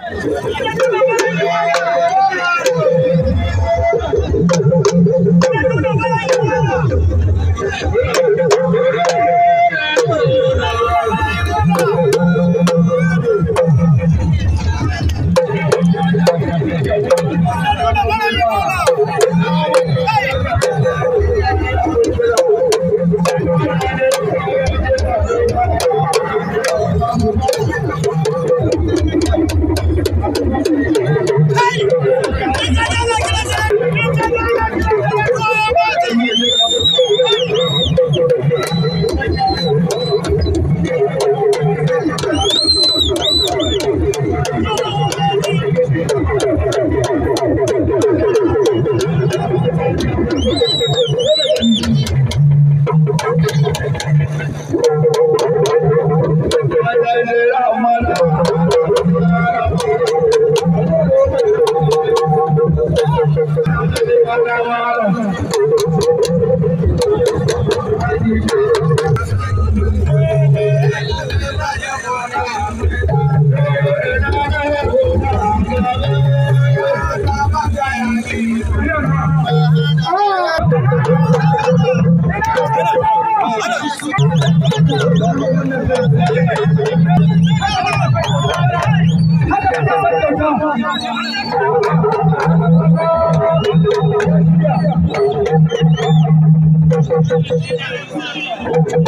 Thank you. Thank you.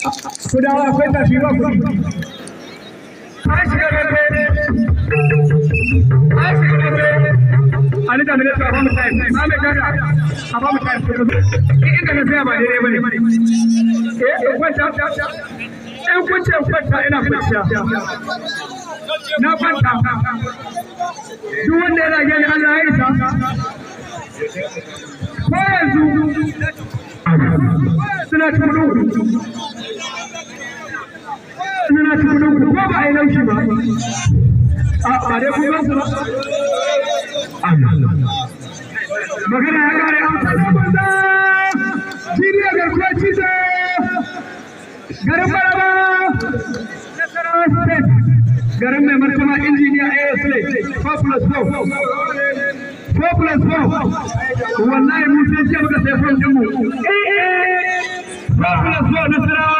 ku dawo akwai tafi ba kuɗi an shiga gafe an shiga gafe ani da minista a bamu tayi na mai kada a bamu tayi in inda na tsaya ba daidai bane eh in kwanta in e, kwanta ina kwanciya na kwanta duk wanda yana gani Allah ya isa ko yanzu suna cikin yanzu na ci kudin ku ko ba a yi laushi ba a ba dai ku gansu ba magana ya kare an tsada banza jiriya garkuwa cizo garin baraba garin mai martaba injiniya asla 4 plus 4 ko plus ko wallahi mun sai ce muka sai fon din mu plus ko nasarawa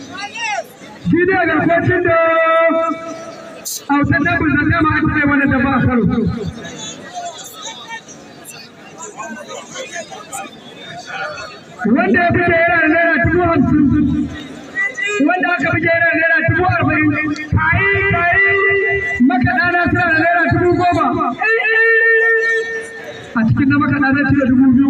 shi ne lokacin da autan da bulta ta ma aka wani da wanda ya fice yana da naira dubu hamsin wanda aka fice yana da naira dubu arba'in kayi kayi suna da naira dubu goma a cikin na zai cire dubu biyu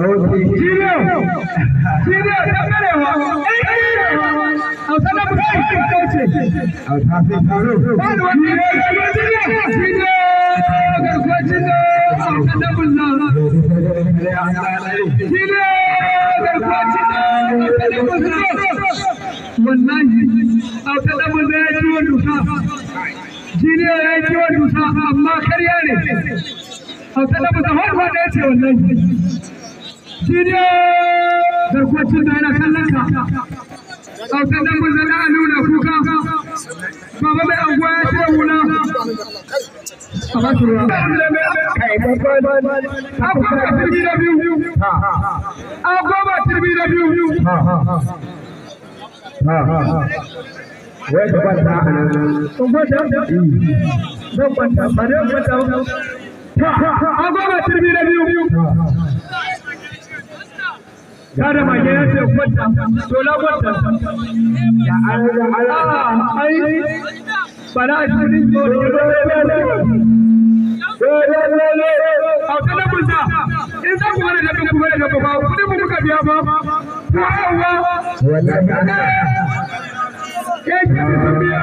wallahi a kada mu da ya ciwo dusa jini ya ciwo dusa amma karya ne a kada mu da har da ya ce wallahi shine da yana mun zana nuna kuka baba mai anguwa ya ce wuna Akwai turbi biyu. turbi biyu. turbi na biyu. ya da mage ya ce kwanta tola kwanta da da ala ai a cikin tsoro da wani a kana buta in za ku da ku da ku ba kudin mu muka biya ba ko hawa wallahi ke biya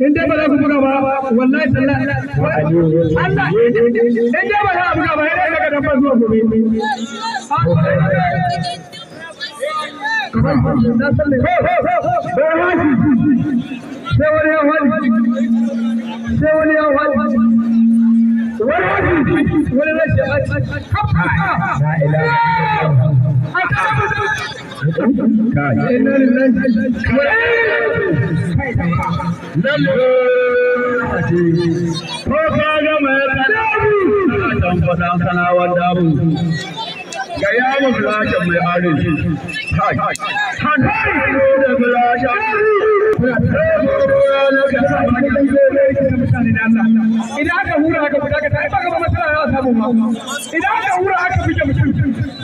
in dai ba za ku buga ba wallahi sallah Allah in dai ba za buga ba yana zuwa gobe ko ka idan aka hura aka fita ka ta ba ga matsala ya samu ma idan aka hura aka fita mutum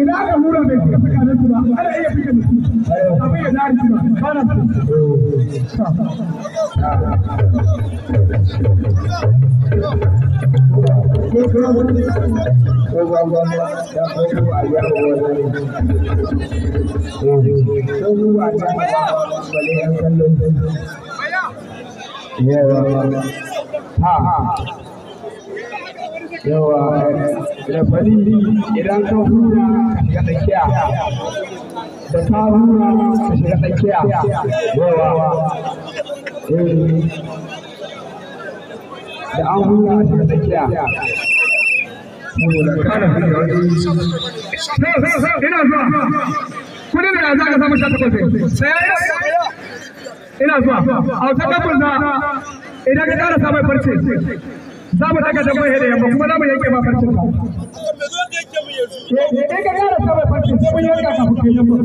ina ka hura bai fika fika da kuma ana iya fika da kuma abin ya dari kuma ba na Yeah, ha ha. yawa da balili idan ka hura ka tsakiya da ta hura ka shiga tsakiya yawa eh, da an hura ka shiga tsakiya ina zuwa kudin da za ka samu sha takwas sai ina zuwa a wata idan ka ƙara samun farce za mu daga da mai da yamma kuma za mu yanke ma farcin ka ya eh, kai eh, eh, ka yara ta mai farcin sai mun yanka ka fuke yamma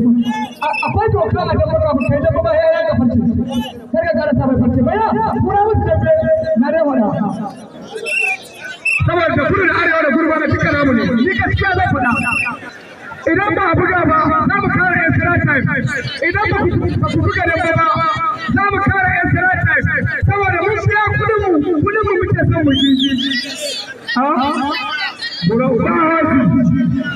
akwai doka a gaba ka fuke yamma ba ya yanka farcin sai ka yara ta mai farcin baya kura musu da na rewara saboda kudu da arewa da gurba na duka namu ne ni gaskiya zai faɗa idan ba a buga ba za mu kare yan sira time idan ba ku buga da ba za mu kare mu shi shi ha wallahi wallahi wani wani ya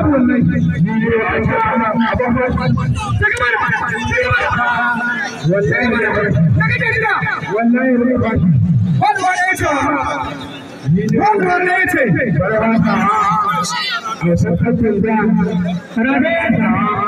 ce wani wani ya ce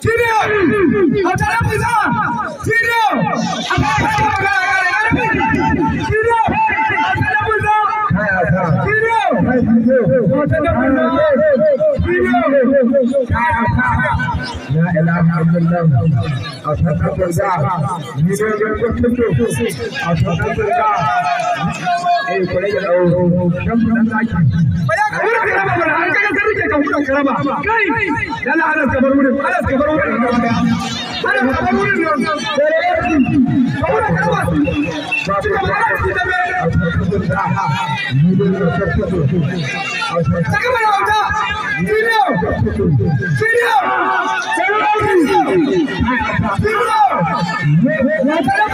Tire! Atara pizza! hannun nan da za ni da Bye.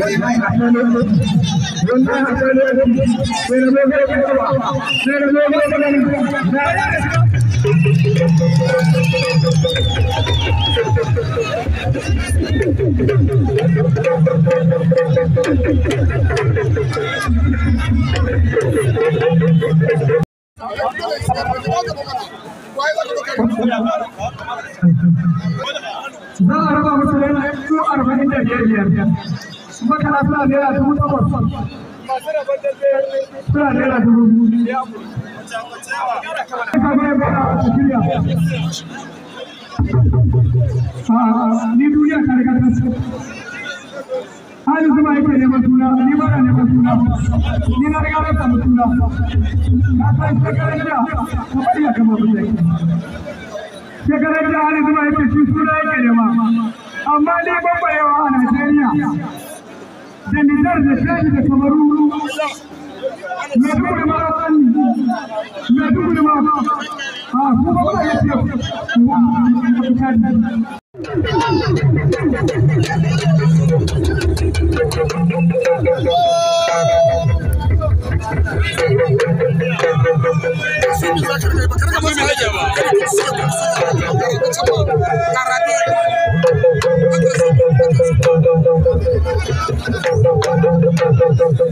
والله احسن يوم والله احسن يوم بين ابوك وابوك بين ابوك وابوك Zara ba mutum yana 445 su baka na suna naira dubu takwas suna naira dubu biyu ni duniya ta riga ta ce hali kuma yake neman suna ni ba na neman suna ni na riga na samu suna ka san shekarar da ka bari kama mun yake shekarar da hali kuma yake shi suna yake nema amma ni ban bayawa a Najeriya da Nijar da Shadi da Kamaru Maiduguri ma san Maiduguri ma a kuma ba ya ce Sai mu zaka ne ba kar ka masa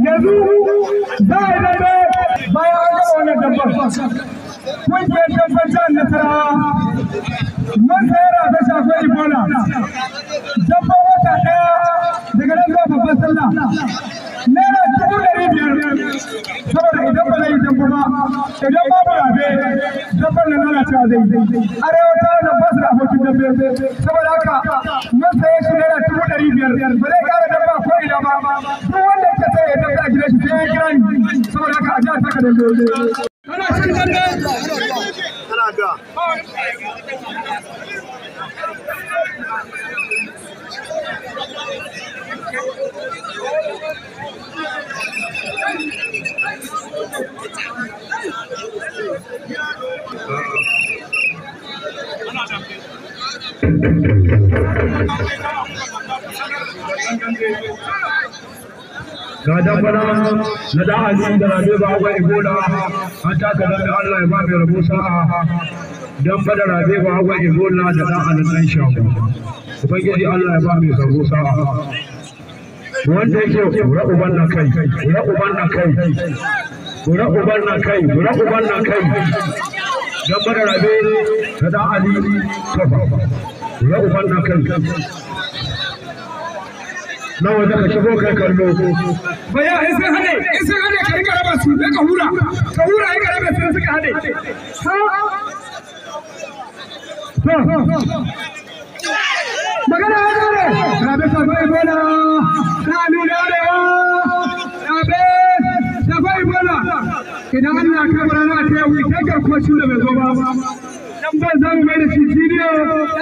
yanzu za a bayan an gaba wannan dabbar kungiyar dabbar jihar nasarawa mun ka ta shafi wata ɗaya daga nan zuwa babban sallah saboda shirin babu rabe dabbar na lalacewa zai arewa ta nan ba su da abokin dambe saboda haka mun ɗari biyar ba zai ko ina ba wanda ke sai ya a gidan shi sai ya saboda haka a ga dabbara na da hajji da rabe ba wa ibola an taka zaɓi allah ya ba mai rabo sa'a don fada rabe ba wa ibola da da hannun ɗan shago ubangiji allah ya ba mai rabo sa'a wanda yake kura uban na kai kura uban na kai kura uban na kai kura uban na kai don fada rabe da da ali kafa na uban na kanka nawa da ka shigo kai kallo in sun hade in sun hade ka rika raba su da ka hura ka hura ai ka raba sun suka hade magana ya kare rabe ka bai bola ka nuna arewa rabe ka bai bola ba dan ban zamu mai da shi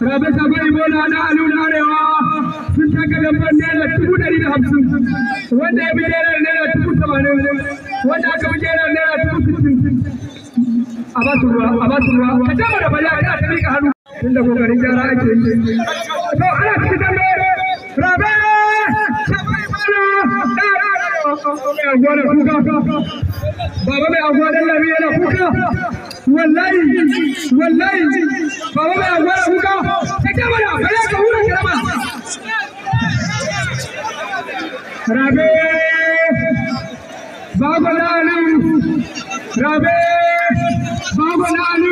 Profesa Bai Bola na Alun Arewa sun taka lambar naira dubu ɗari da hamsin wanda ya bi naira naira dubu tamanin wanda aka bi naira naira dubu sittin. A ba su ruwa, a ba su ruwa, ka jama da bala ina ta rika hannu. Tun da kokarin gyara ake yi. To ana cikin dambe, Rabe! Shabai Bola! Baba mai anguwa don labi yana kuka. wallahi wallahi mai agwara kuka ka ke mana bala ka rabe babu rabe babu